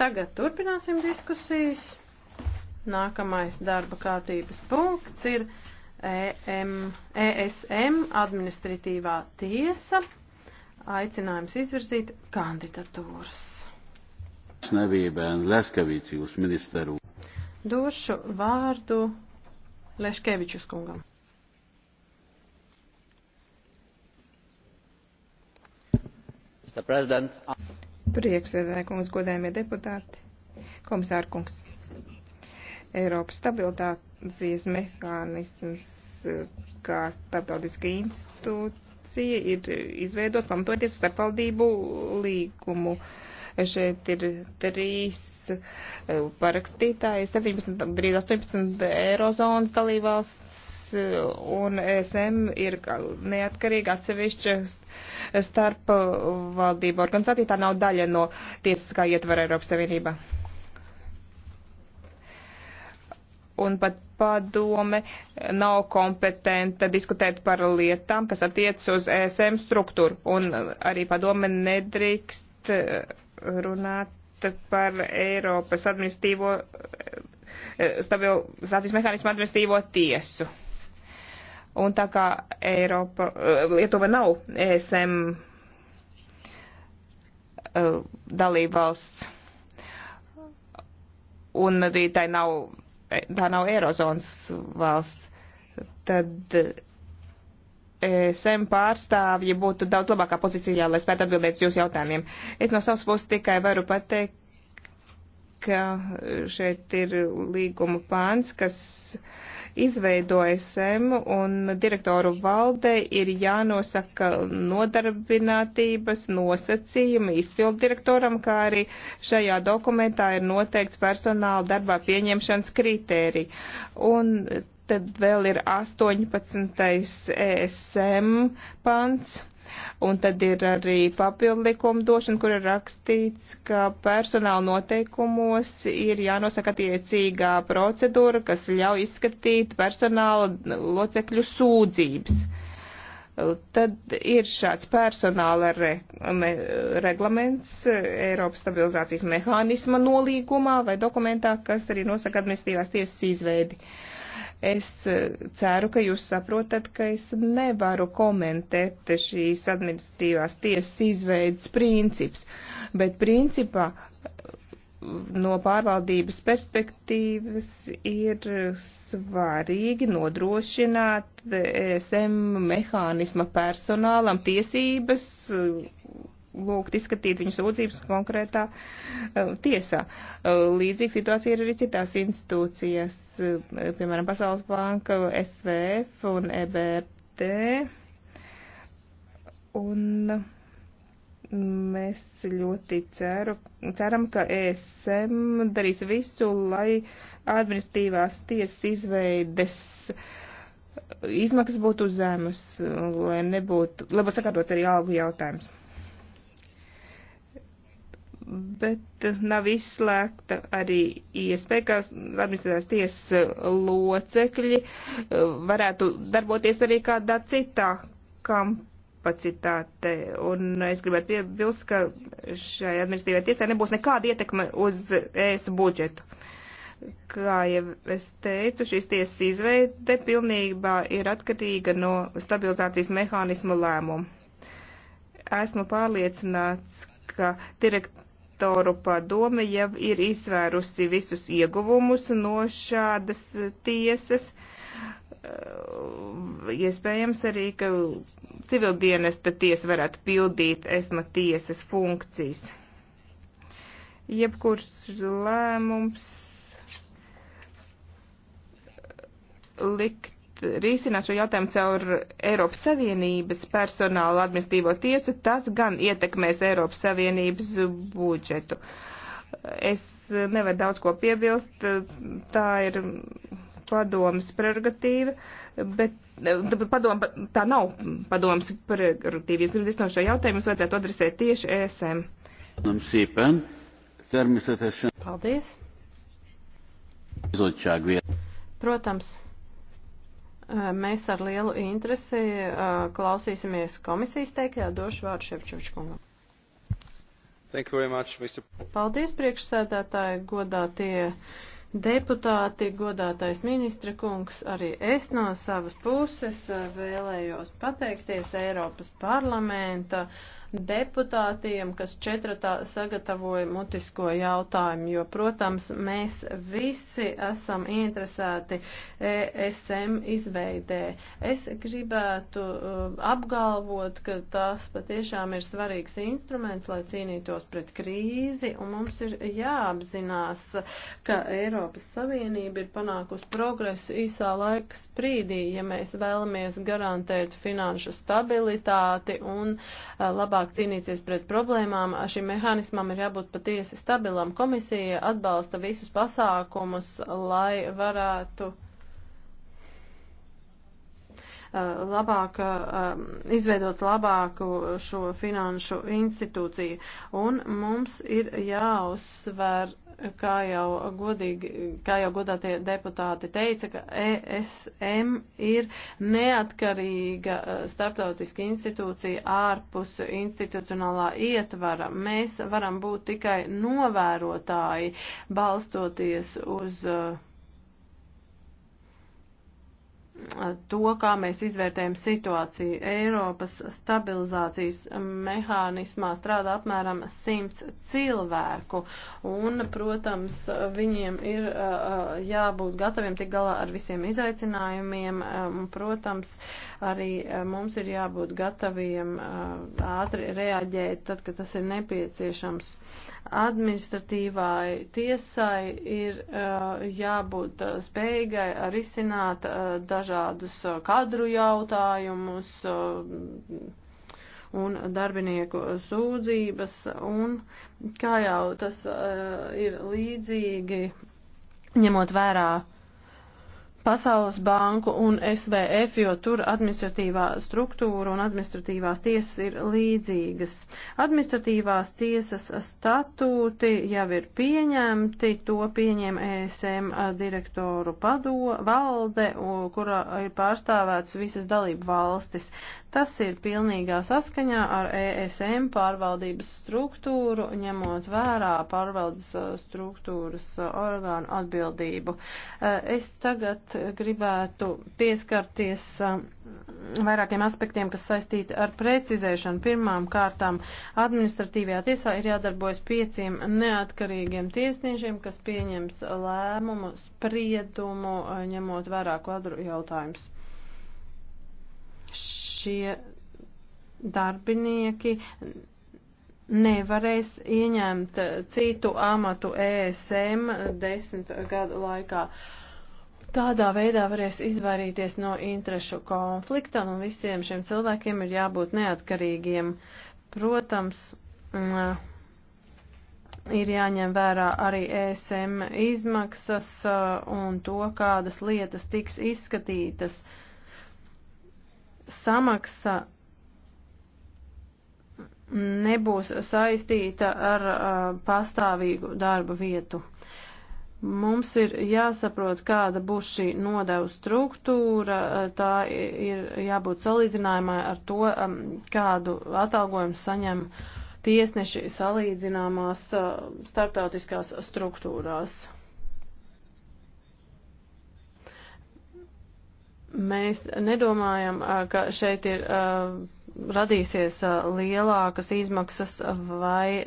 Tagad turpināsim diskusijas. Nākamais darba kārtības punkts ir EM, ESM administratīvā tiesa. Aicinājums izvirzīt kandidatūras. Snevībēn Leskavīcijus ministeru. Došu vārdu Leškevičus kungam. Mr. President. Priekšsēdētāji kungs, godējumie deputāti, komisāra kungs. Eiropas stabilitācijas mehānisms eh, kā starptautiska institūcija ir izveidots pamatoties uz starpvaldību līgumu. Šeit ir trīs eh, parakstītāji, 17, 18 eirozonas dalībvalsts un ESM ir neatkarīga atsevišķa starp uh, valdību organizācija. Tā nav daļa no tiesiskā ietvara Eiropas Savienībā. Un pat padome nav kompetenta diskutēt par lietām, kas attiec uz ESM struktūru. Un arī padome nedrīkst uh, runāt par Eiropas administīvo uh, stabilizācijas mehānismu administīvo tiesu. Un tā kā Eiropa, eh, Lietuva nav ESM eh, dalībvalsts, un arī tā nav, tā nav Eirozonas valsts, tad e SEM pārstāvji būtu daudz labākā pozīcijā, lai spētu atbildēt uz jūsu jautājumiem. Es no savas puses tikai varu pateikt, ka šeit ir līguma pāns, kas izveido SM un direktoru valde ir jānosaka nodarbinātības nosacījumi izpildirektoram, kā arī šajā dokumentā ir noteikts personāla darbā pieņemšanas kritērija. Un tad vēl ir 18. ESM pants Un tad ir arī papildu likumdošana, kur ir rakstīts, ka personāla noteikumos ir jānosaka attiecīgā procedūra, kas ļauj izskatīt personāla locekļu sūdzības. Tad ir šāds personāla re, me, reglaments Eiropas stabilizācijas mehānisma nolīgumā vai dokumentā, kas arī nosaka administratīvās tiesas izveidi. Uh, Es e, ceru, ka jūs saprotat, ka es nevaru komentēt šīs administratīvās tiesas izveidas princips, bet principā e, no pārvaldības perspektīvas ir svarīgi nodrošināt e, SM mehānisma personālam tiesības lūgt izskatīt viņu sūdzības konkrētā uh, tiesā. Uh, līdzīga situācija ir arī citās institūcijas, uh, piemēram, Pasaules banka, SVF un EBRD. Un mm, mēs ļoti ceru, ceram, ka ESM darīs visu, lai administratīvās tiesas izveides uh, izmaksas būtu zemes, lai nebūtu, lai būtu sakārtots arī algu jautājums bet nav izslēgta arī iespēja, ka administratīvās tiesas locekļi eh, varētu darboties arī kādā citā kapacitāte. Un es gribētu piebilst, ka šai administratīvajai tiesai nebūs nekāda ietekme uz ES budžetu. Kā jau es teicu, šīs tiesas izveide pilnībā ir atkarīga no stabilizācijas mehānismu lēmumu. Esmu pārliecināts, ka direkt investoru padome jau ir izsvērusi visus ieguvumus no šādas tiesas. Iespējams arī, ka civildienesta tiesa varētu pildīt esma tiesas funkcijas. Jebkurš lēmums likt risināt šo jautājumu caur Eiropas Savienības personāla administrīvo tiesu, tas gan ietekmēs Eiropas Savienības budžetu. Es nevaru daudz ko piebilst, tā ir padomas prerogatīva, bet padoma, tā nav padomas prerogatīva. Es gribu no šo jautājumu, mums vajadzētu adresēt tieši ESM. Paldies. Bizottság Protams, Eh, mēs ar lielu interesi eh, klausīsimies komisijas teiktajā došu vārdu Ševčevičkungam. Much, Mr. Paldies, priekšsēdētāji, godātie deputāti, godātais ministra kungs. Arī es no savas puses eh, vēlējos pateikties Eiropas parlamenta uh, deputātiem, kas četratā sagatavoja mutisko jautājumu, jo, protams, mēs visi esam interesēti ESM izveidē. Es gribētu uh, apgalvot, ka tas patiešām ir svarīgs instruments, lai cīnītos pret krīzi, un mums ir jāapzinās, ka Eiropas Savienība ir panākusi progresu īsā laika sprīdī, ja mēs vēlamies garantēt finanšu stabilitāti un uh, labāk labāk cīnīties pret problēmām, šim mehānismam ir jābūt patiesi stabilam. Komisija atbalsta visus pasākumus, lai varētu labāk, izveidot labāku šo finanšu institūciju. Un mums ir jāuzsver kā jau godīgi, kā jau godātie deputāti teica, ka ESM ir neatkarīga e, starptautiska institūcija ārpus institucionālā ietvara. Mēs varam būt tikai novērotāji, balstoties uz uh, to, kā mēs izvērtējam situāciju. Eiropas stabilizācijas mehānismā strādā apmēram simts cilvēku, un, protams, viņiem ir jābūt gataviem tik galā ar visiem izaicinājumiem, un, protams, arī mums ir jābūt gataviem ātri reaģēt tad, kad tas ir nepieciešams administratīvai tiesai ir uh, jābūt uh, spējīgai risināt uh, dažādus uh, kadru jautājumus uh, un darbinieku sūdzības, un kā jau tas uh, ir līdzīgi, ņemot vērā uh, Pasaules banku un SVF, jo tur administratīvā struktūra un administratīvās tiesas ir līdzīgas. Administratīvās tiesas statūti jau ir pieņemti, to pieņem ESM direktoru pado, valde, kurā ir pārstāvēts visas dalību valstis. Tas ir pilnīgā saskaņā ar ESM pārvaldības struktūru, ņemot vērā pārvaldes uh, struktūras uh, orgānu atbildību. Uh, es tagad gribētu pieskarties um, vairākiem aspektiem, kas saistīti ar precizēšanu. Pirmām kārtām administratīvajā tiesā ir jādarbojas pieciem neatkarīgiem tiesniešiem, kas pieņems lēmumu, spriedumu, uh, ņemot vērā kvadru jautājumus. Šie darbinieki nevarēs ieņemt citu amatu ESM desmit gadu laikā. Uh, Tādā veidā varēs izvairīties no interešu konflikta, un visiem šiem cilvēkiem ir jābūt neatkarīgiem. Protams, mm, ir jāņem vērā arī ESM izmaksas un to, kādas lietas tiks izskatītas. Samaksa nebūs saistīta ar pastāvīgu darba vietu. Mums ir jāsaprot, kāda būs šī nodevu struktūra, tā ir jābūt salīdzinājumai ar to, um, kādu atalgojumu saņem tiesneši salīdzināmās uh, starptautiskās struktūrās. Mēs nedomājam, uh, ka šeit ir uh, radīsies lielākas izmaksas vai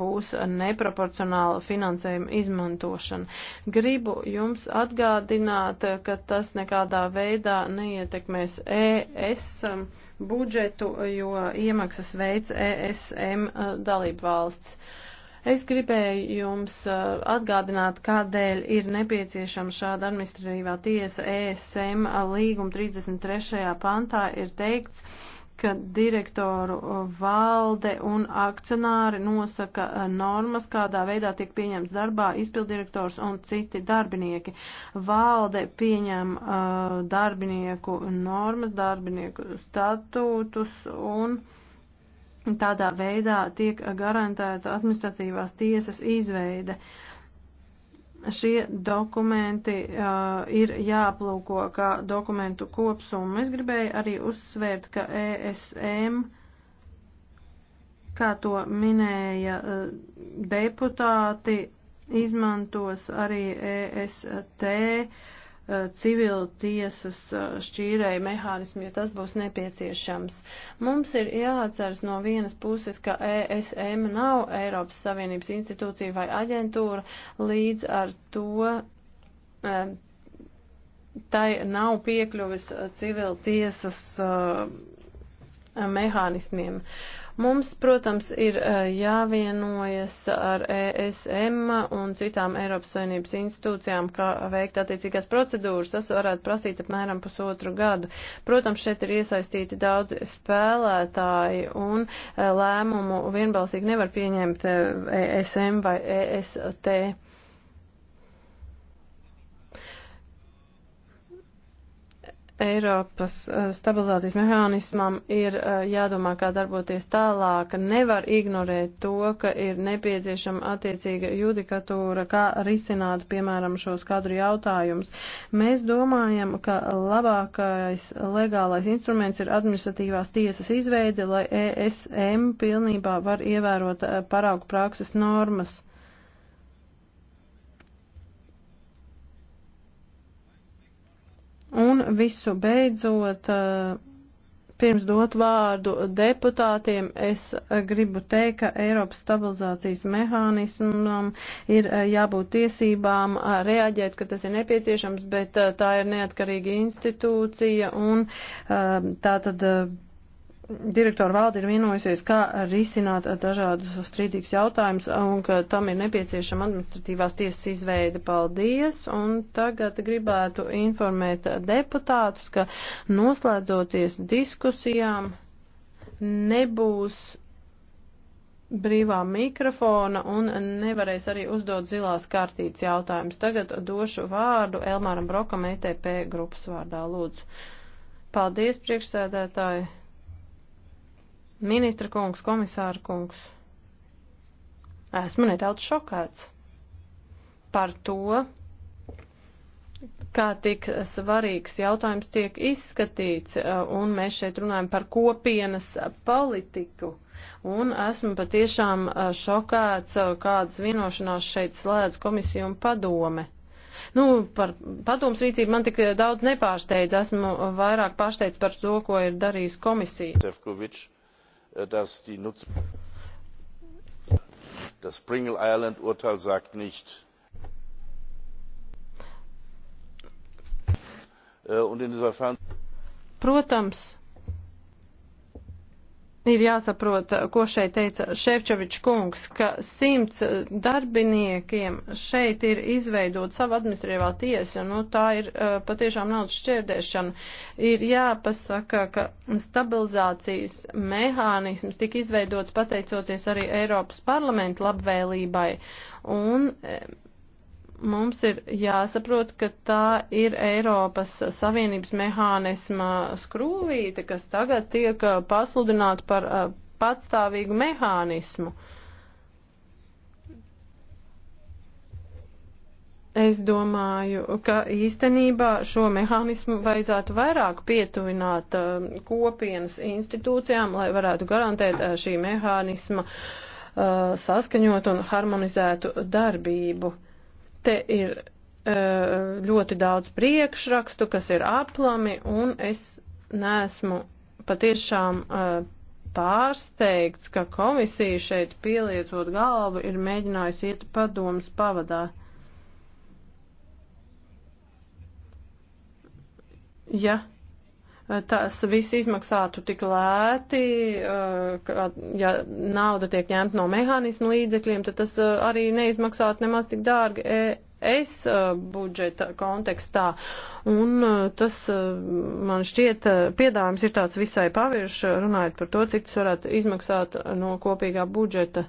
būs neproporcionāla finansējuma izmantošana. Gribu jums atgādināt, ka tas nekādā veidā neietekmēs ES budžetu, jo iemaksas veids e ESM dalību valsts. Es gribēju jums atgādināt, kādēļ ir nepieciešama šāda administratīvā tiesa ESM līguma 33. pantā ir teikts, ka direktoru valde un akcionāri nosaka e, normas, kādā veidā tiek pieņemts darbā izpildirektors un citi darbinieki. Valde pieņem uh, darbinieku normas, darbinieku statūtus un. Tādā veidā tiek garantēta administratīvās tiesas izveide. Uh, Šie dokumenti uh, ir jāaplūko kā dokumentu kopsumma. Es gribēju arī uzsvērt, ka ESM, kā to minēja uh, deputāti, izmantos arī EST uh, civila tiesas šķīrēja mehānismu, ja tas būs nepieciešams. Mums ir jāatceras no vienas puses, ka ESM nav Eiropas Savienības institūcija vai aģentūra, līdz ar to tai nav piekļuvis civila tiesas mehānismiem. Uh, Mums, protams, ir jāvienojas ar ESM un citām Eiropas Savienības institūcijām, kā veikt attiecīgās procedūras. Tas varētu prasīt apmēram pusotru gadu. Protams, šeit ir iesaistīti daudz spēlētāji un lēmumu vienbalsīgi nevar pieņemt ESM vai EST. Eiropas eh, stabilizācijas mehānismam ir eh, jādomā, kā darboties tālāk. Nevar ignorēt to, ka ir nepieciešama attiecīga judikatūra, kā risināt, piemēram, šos kadru jautājumus. Mēs domājam, ka labākais legālais instruments ir administratīvās tiesas izveide, lai ESM pilnībā var ievērot eh, paraugu prakses normas. Un visu beidzot, eh, pirms dot vārdu deputātiem, es gribu teikt, ka Eiropas stabilizācijas mehānismam ir eh, jābūt tiesībām eh, reaģēt, ka tas ir nepieciešams, bet tā ir neatkarīga institūcija un tā tad direktora valde ir vienojusies, kā risināt dažādus strīdīgus jautājumus, un ka tam ir nepieciešama administratīvās tiesas izveida. Paldies! Un tagad gribētu informēt deputātus, ka noslēdzoties diskusijām nebūs brīvā mikrofona un nevarēs arī uzdot zilās kārtītas jautājumus. Tagad došu vārdu Elmāram Brokam ETP grupas vārdā. Lūdzu! Paldies, priekšsēdētāji! Ministra kungs, komisāra kungs, esmu nedaudz šokāts par to, kā tik svarīgs jautājums tiek izskatīts, e, un mēs šeit runājam par kopienas politiku. Un esmu patiešām e, šokāts, e, kādas vienošanās šeit slēdz komisija un padome. Nu, par padoms rīcību man tik daudz nepārsteidz, esmu vairāk pārsteidz par to, ko ir darījis komisija. Tevkovičs. Äh, dass die nutzung das spring ireland urteil sagt nicht äh, und insofern Protams, ir jāsaprot, ko šeit teica Šefčovičs kungs, ka simts darbiniekiem šeit ir izveidot savu administrīvā tiesa, nu tā ir e, patiešām naudas šķērdēšana. Ir jāpasaka, ka stabilizācijas mehānisms tika izveidots pateicoties arī Eiropas parlamentu labvēlībai. Un, e, mums ir jāsaprot, ka tā ir Eiropas Savienības mehānisma skrūvīte, kas tagad tiek uh, pasludināta par uh, patstāvīgu mehānismu. Es domāju, ka īstenībā šo mehānismu vajadzētu vairāk pietuvināt um, kopienas institūcijām, lai varētu garantēt uh, šī mehānisma saskaņot un harmonizētu darbību. Te ir e, ļoti daudz priekšrakstu, kas ir aplami, un es neesmu patiešām e, pārsteigts, ka komisija šeit pieliecot galvu ir mēģinājusi iet padomus pavadā. Ja tas viss izmaksātu tik lēti, eh, ka, ja nauda tiek ņemta no mehānismu līdzekļiem, tad tas eh, arī neizmaksātu nemaz tik dārgi e, es eh, budžeta kontekstā. Un tas man šķiet piedāvājums ir tāds visai pavirš, runājot par to, cik tas varētu izmaksāt no kopīgā budžeta.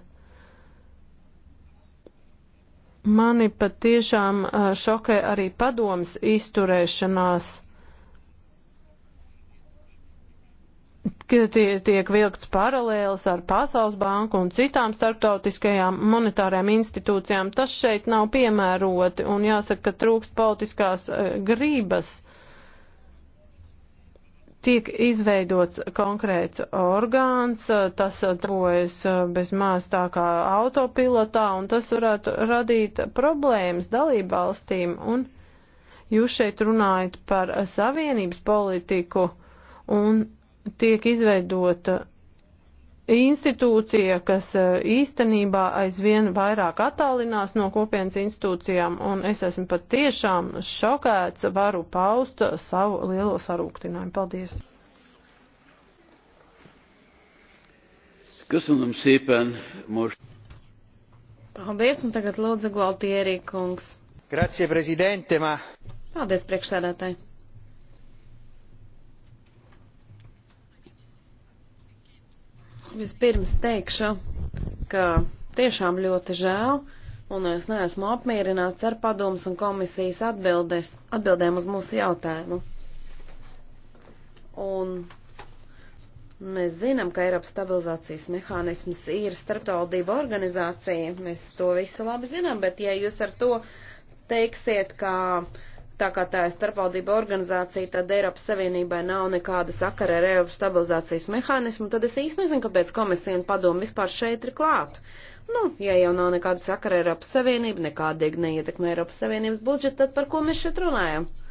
Mani pat tiešām šokē arī padomas izturēšanās Faktiski tie, tiek vilkts paralēlis ar Pasaules banku un citām starptautiskajām monetārajām institūcijām. Tas šeit nav piemēroti un jāsaka, ka trūkst politiskās e, grības tiek izveidots konkrēts orgāns, e, tas e, darbojas bez mās tā kā autopilotā, un tas varētu radīt problēmas dalībvalstīm. Un jūs šeit runājat par savienības politiku, un tiek izveidota institūcija, kas e, īstenībā aizvien vairāk attālinās no kopienas institūcijām, un es esmu pat tiešām šokēts, varu paust savu lielo sarūktinājumu. Paldies! Köszönöm szépen most. Paldies, un tagad lūdzu Gualtieri kungs. Grazie, prezidente, ma. Paldies, priekšsēdētāji. Vispirms teikšu, ka tiešām ļoti žēl, un es neesmu apmierināts ar padomus un komisijas atbildes, atbildēm uz mūsu jautājumu. Un mēs zinām, ka Eiropas stabilizācijas mehānisms ir starptautdība organizācija, mēs to visu labi zinām, bet ja jūs ar to teiksiet, ka uh, Tā kā tā ir starpvaldība organizācija, tad Eiropas Savienībai nav nekāda sakara ar Eiropas stabilizācijas mehānismu, tad es īsti nezinu, kāpēc komisija un padomu vispār šeit ir klāt. Nu, ja jau nav nekāda sakara ar Eiropas Savienību, nekādīgi neietekmē Eiropas Savienības budžetu, tad par ko mēs šeit runājam? Uh,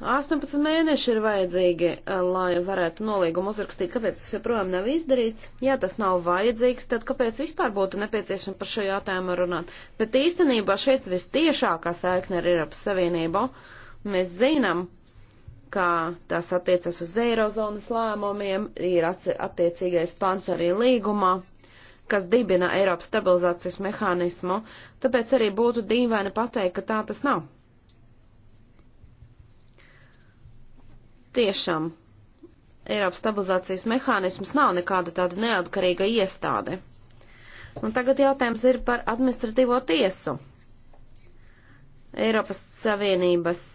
18 mēneši ir vajadzīgi, eh, lai varētu nolīgumu uzrakstīt, kāpēc tas joprojām nav izdarīts. Ja tas nav vajadzīgs, tad kāpēc vispār būtu nepieciešams par šo jautājumu runāt? Bet īstenībā šeit vistiešākā saikne ar Eiropas Savienību. Mēs zinām, ka tas attiecas uz Eirozonas lēmumiem, ir attiecīgais pants arī līgumā, kas dibina Eiropas stabilizācijas mehānismu, tāpēc arī būtu dīvaini pateikt, ka tā tas nav. tiešām Eiropas stabilizācijas mehānisms nav nekāda tāda neatkarīga iestāde. Un tagad jautājums ir par administratīvo tiesu. Eiropas Savienības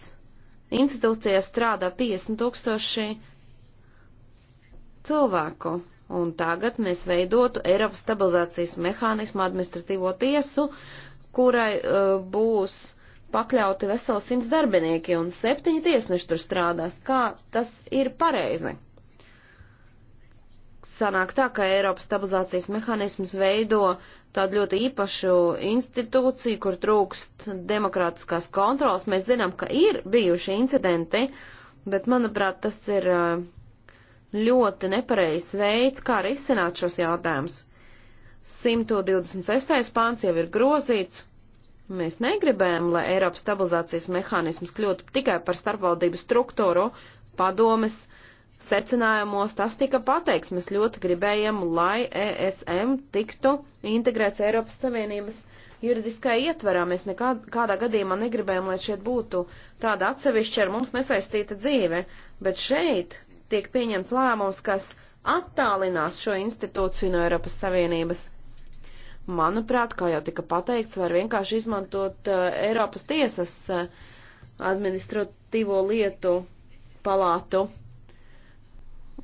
institūcijās strādā 50 tūkstoši cilvēku, un tagad mēs veidotu Eiropas stabilizācijas mehānismu administratīvo tiesu, kurai uh, būs uh, pakļauti veseli simts darbinieki un septiņi tiesneši tur strādās. Kā tas ir pareizi? Sanāk tā, ka Eiropas stabilizācijas mehānisms veido tādu ļoti īpašu institūciju, kur trūkst demokrātiskās kontrolas. Mēs zinām, ka ir bijuši incidenti, bet, manuprāt, tas ir uh, ļoti nepareizs veids, kā risināt šos jautājumus. 126. pāns jau ir grozīts, Mēs negribējam, lai Eiropas stabilizācijas mehānisms kļūtu tikai par starpvaldību struktūru, padomes, secinājumos tas tika pateikts. Mēs ļoti gribējam, lai ESM tiktu integrēts Eiropas Savienības juridiskai ietverā. Mēs nekādā gadījumā negribējam, lai šeit būtu tāda atsevišķa ar mums nesaistīta dzīve, bet šeit tiek pieņemts lēmums, kas attālinās šo institūciju no Eiropas Savienības manuprāt, kā jau tika pateikts, var vienkārši izmantot uh, Eiropas tiesas uh, administratīvo lietu palātu.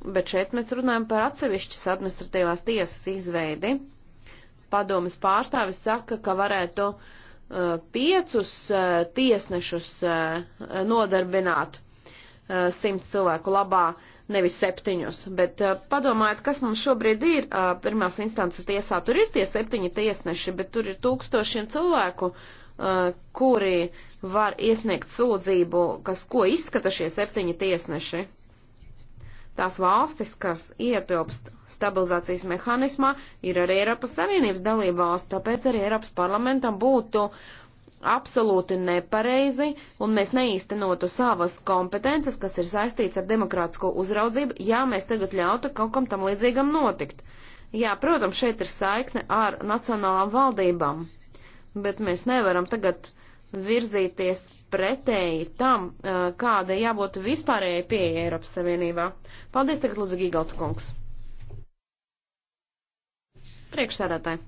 Bet šeit mēs runājam par atsevišķas administratīvās tiesas izveidi. Padomas pārstāvis saka, ka varētu uh, piecus uh, tiesnešus uh, nodarbināt uh, simts cilvēku labā. Uh, nevis septiņus, bet uh, padomājiet, kas mums šobrīd ir uh, pirmās instances tiesā. Tur ir tie septiņi tiesneši, bet tur ir tūkstošiem cilvēku, uh, kuri var iesniegt sūdzību, kas ko izskata šie septiņi tiesneši. Tās valstis, kas ietilpst stabilizācijas mehānismā, ir arī Eiropas Savienības dalība valsts, tāpēc arī Eiropas parlamentam būtu uh, absolūti nepareizi, un mēs neīstenotu savas kompetences, kas ir saistīts ar demokrātisko uzraudzību, ja mēs tagad ļautu kaut kam tam līdzīgam notikt. Jā, protams, šeit ir saikne ar nacionālām valdībām, bet mēs nevaram tagad virzīties pretēji tam, kāda jābūt vispārējai pieeja Eiropas Savienībā. Paldies tagad, Lūdzu, Gīgautu kungs. Priekšsēdētāji.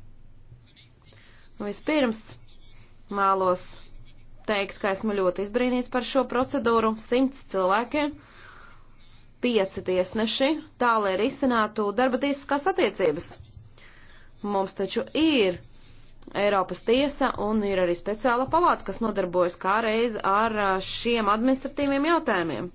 Vispirms Mēlos teikt, ka esmu ļoti izbrīnīts par šo procedūru. Simts cilvēkiem, pieci tiesneši, tā lai risinātu darba tiesiskās attiecības. Mums taču ir Eiropas tiesa un ir arī speciāla palāta, kas nodarbojas kā reiz ar šiem administratīviem jautājumiem.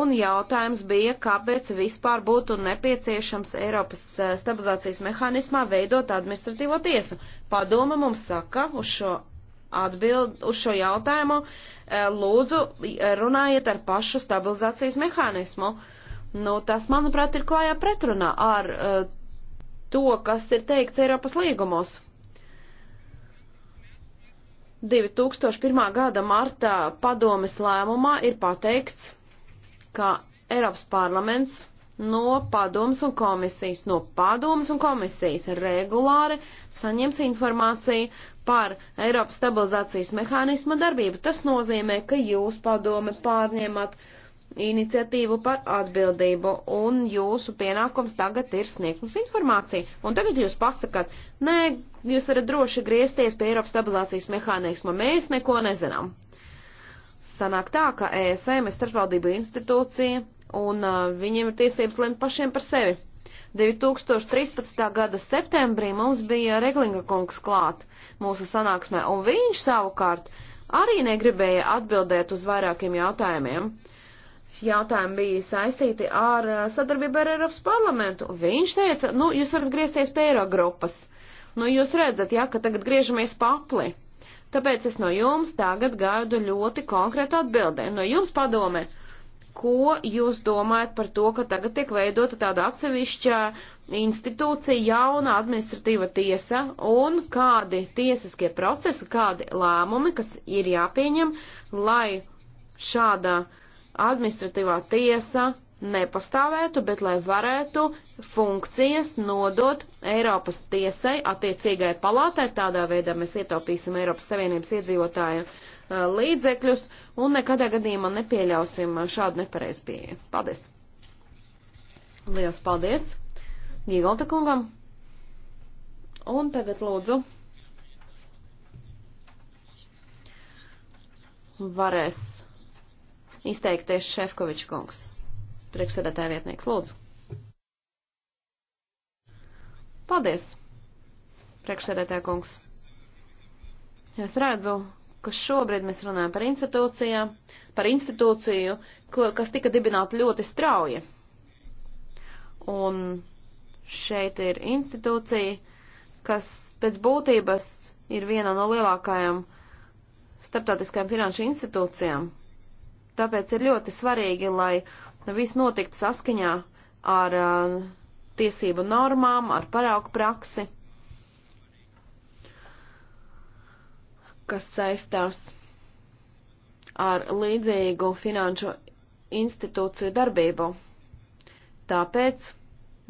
Un jautājums bija, kāpēc vispār būtu nepieciešams Eiropas stabilizācijas mehānismā veidot administratīvo tiesu. Padoma mums saka uz šo atbild uz šo jautājumu, e, lūdzu runājiet ar pašu stabilizācijas mehānismu. Nu, tas, manuprāt, ir klājā pretrunā ar uh, to, kas ir teikts Eiropas līgumos. 2001. gada martā padomes lēmumā ir pateikts, ka Eiropas parlaments no padomas un komisijas, no padomas un komisijas regulāri saņems informāciju par Eiropas stabilizācijas mehānisma darbību. Tas nozīmē, ka jūs padome pārņemat iniciatīvu par atbildību, un jūsu pienākums tagad ir sniegt mums informāciju. Un tagad jūs pasakat, nē, jūs varat droši griezties pie Eiropas stabilizācijas mehānisma, mēs neko nezinām. Sanāk tā, ka ESM ir starpvaldība institūcija, un uh, viņiem ir tiesības lemt pašiem par sevi. 2013. gada septembrī mums bija Reglinga kungs klāt mūsu sanāksmē, un viņš savukārt arī negribēja atbildēt uz vairākiem jautājumiem. Jautājumi bija saistīti ar eh, sadarbību ar Eiropas parlamentu. Viņš teica, nu, jūs varat griezties pie Eiro grupas. Nu, jūs redzat, jā, ja, ka tagad griežamies papli. Tāpēc es no jums tagad gaidu ļoti konkrētu atbildē. No jums padomē, ko jūs domājat par to, ka tagad tiek veidota tāda atsevišķa institūcija, jauna administratīva tiesa un kādi tiesiskie procesi, kādi lēmumi, kas ir jāpieņem, lai šāda administratīvā tiesa nepastāvētu, bet lai varētu funkcijas nodot Eiropas tiesai attiecīgai palātai. Tādā veidā mēs ietaupīsim Eiropas Savienības iedzīvotāju uh, līdzekļus un nekadā gadījumā nepieļausim šādu nepareizu pieeju. Paldies! Lielas paldies Gīgolta kungam! Un tagad lūdzu varēs izteikties Šefkoviča kungs. Priekšsēdētāja vietnieks, lūdzu. Paldies, priekšsēdētāja kungs. Es redzu, ka šobrīd mēs runājam par institūcijām, par institūciju, ko, kas tika dibināta ļoti strauji. Un šeit ir institūcija, kas pēc būtības ir viena no lielākajām starptautiskajām finanšu institūcijām. Tāpēc ir ļoti svarīgi, lai viss notiktu saskaņā ar uh, tiesību normām, ar paraugu praksi, kas saistās ar līdzīgu finanšu institūciju darbību. Tāpēc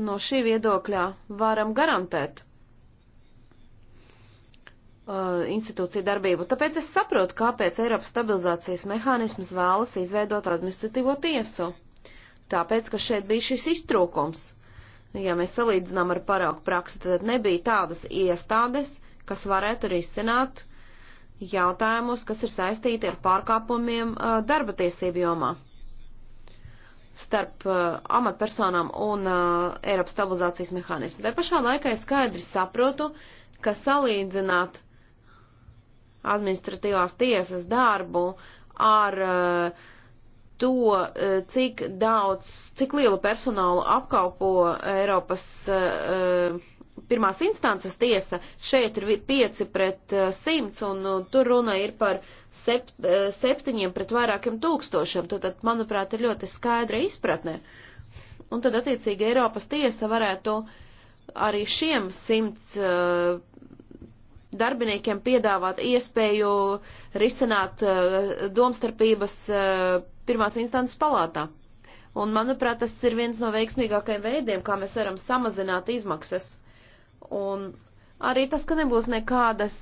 no šī viedokļā varam garantēt uh, institūciju darbību. Tāpēc es saprotu, kāpēc Eiropas stabilizācijas mehānisms vēlas izveidot administratīvo tiesu tāpēc, ka šeit bija šis iztrūkums. Ja mēs salīdzinām ar paraugu praksi, tad nebija tādas iestādes, kas varētu risināt jautājumus, kas ir saistīti ar pārkāpumiem uh, darba tiesību jomā starp uh, amatpersonām un uh, Eiropas stabilizācijas mehānismu. Tā pašā laikā es skaidri saprotu, ka salīdzināt administratīvās tiesas darbu ar uh, to, eh, cik daudz, cik lielu personālu apkalpo Eiropas uh, pirmās instances tiesa. Šeit ir 5 pret 100 eh, un tur runa ir par 7 sept, pret vairākiem tūkstošiem. Tad, manuprāt, ir ļoti skaidra izpratne. Un tad, attiecīgi, Eiropas tiesa varētu arī šiem 100 uh, darbiniekiem piedāvāt iespēju risināt uh, domstarpības uh, pirmās instances palātā. Un, manuprāt, tas ir viens no veiksmīgākajiem veidiem, kā mēs varam samazināt izmaksas. Un arī tas, ka nebūs nekādas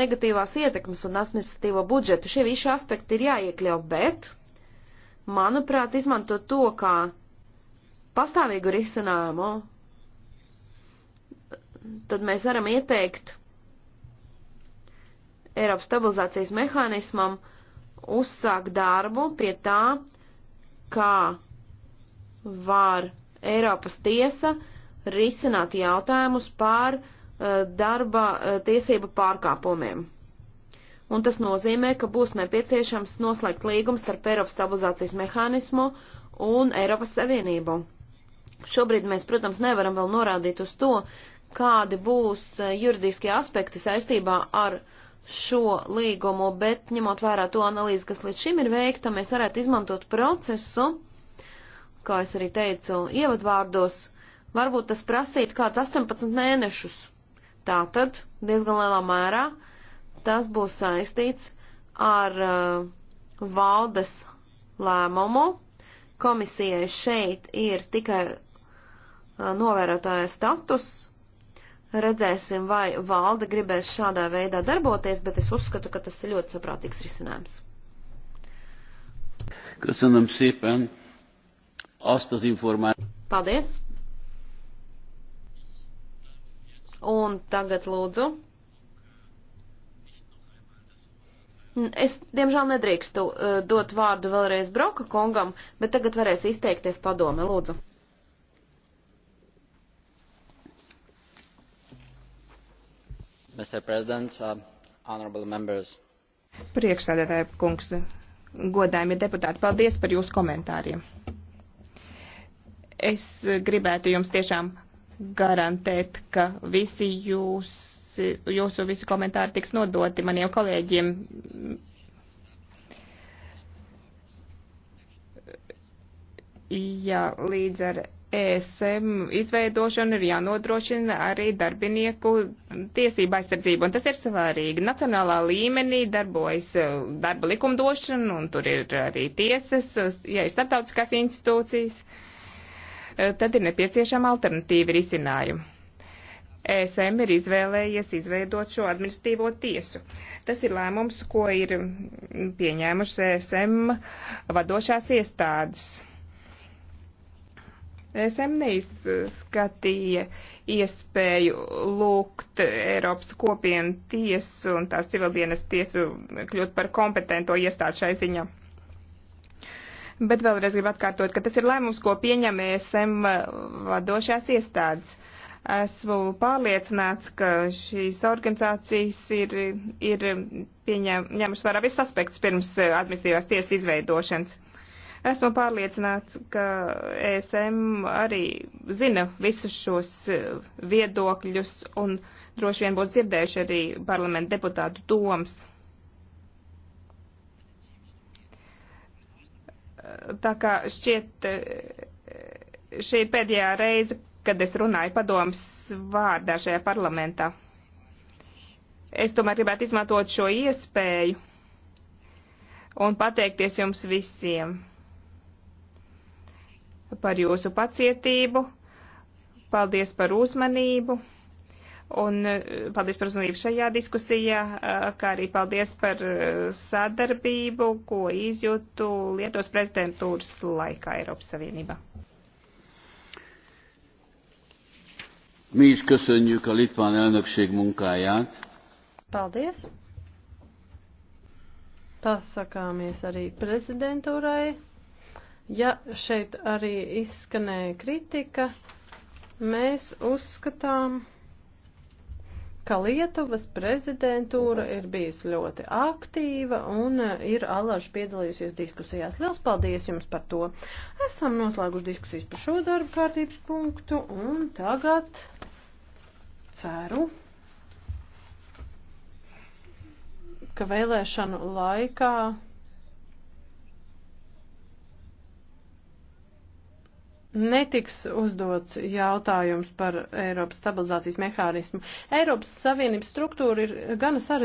negatīvās ietekmes un administratīvo budžetu, šie visi aspekti ir jāiekļau, bet, manuprāt, izmantot to kā pastāvīgu risinājumu, tad mēs varam ieteikt Eiropas stabilizācijas mehānismam, uh, uzsākt darbu pie tā, kā var Eiropas tiesa risināt jautājumus par uh, darba uh, tiesību pārkāpumiem. Un tas nozīmē, ka būs nepieciešams noslēgt līgums starp Eiropas stabilizācijas mehānismu un Eiropas Savienību. Šobrīd mēs, protams, nevaram vēl norādīt uz to, kādi būs eh, juridiskie aspekti saistībā ar uh, šo līgumu, bet ņemot vērā to analīzi, kas līdz šim ir veikta, mēs varētu izmantot procesu, kā es arī teicu ievadvārdos, varbūt tas prasīt kāds 18 mēnešus. Tātad diezgan lielā mērā tas būs saistīts ar uh, valdes lēmumu. Komisijai šeit ir tikai uh, novērotāja status, Redzēsim, vai valde gribēs šādā veidā darboties, bet es uzskatu, ka tas ir ļoti saprātīgs risinājums. Köszönöm szépen azt az információt. Paldies! Un tagad lūdzu. Es, diemžēl, nedrīkstu uh, dot vārdu vēlreiz Broka kungam, bet tagad varēs izteikties padome, lūdzu. Mr. President, uh, honorable members. Priekšsēdētāja kungs, godājumie deputāti, paldies par jūsu komentāriem. Es gribētu jums tiešām garantēt, ka visi jūs, jūsu visi komentāri tiks nodoti maniem kolēģiem. Jā, līdz ar ESM izveidošanu ir jānodrošina arī darbinieku tiesība aizsardzība, un tas ir svarīgi. Nacionālā līmenī darbojas e, darba likumdošana, un tur ir arī tiesas, ja ir starptautiskās institūcijas, e, tad ir nepieciešama alternatīva risinājuma. ESM ir izvēlējies izveidot šo administratīvo tiesu. Tas ir lēmums, ko ir pieņēmušas ESM vadošās iestādes ESM neizskatīja iespēju lūgt Eiropas kopienu tiesu un tās civildienas tiesu kļūt par kompetento iestādi šai ziņā. Bet vēlreiz gribu atkārtot, ka tas ir lēmums, ko pieņem ESM vadošās iestādes. Esmu pārliecināts, ka šīs organizācijas ir, ir pieņēmušas vērā visus aspektus pirms administratīvās tiesas izveidošanas. Esmu pārliecināts, ka ESM arī zina visus šos e, viedokļus un droši vien būs dzirdējuši arī parlamentu deputātu domas. Tā kā šķiet e, šī pēdējā reize, kad es runāju padomas vārdā šajā parlamentā. Es tomēr gribētu izmantot šo iespēju un pateikties jums visiem par jūsu pacietību, paldies par uzmanību. Un eh, paldies par uzmanību šajā diskusijā, eh, kā arī paldies par eh, sadarbību, ko izjūtu Lietuvas prezidentūras laikā Eiropas Savienībā. Mi is köszönjük a litván elnökség munkáját. Paldies! Pasakāmies arī prezidentūrai. Ja šeit arī izskanēja kritika, mēs uzskatām, ka Lietuvas prezidentūra ir bijusi ļoti aktīva un e, ir allaž piedalījusies diskusijās. Liels paldies jums par to! Esam noslēguši diskusijas par šo darbu kārtības punktu un tagad ceru, ka vēlēšanu laikā netiks uzdots jautājums par Eiropas stabilizācijas mehānismu. Eiropas Savienības struktūra ir gana sarežģīta.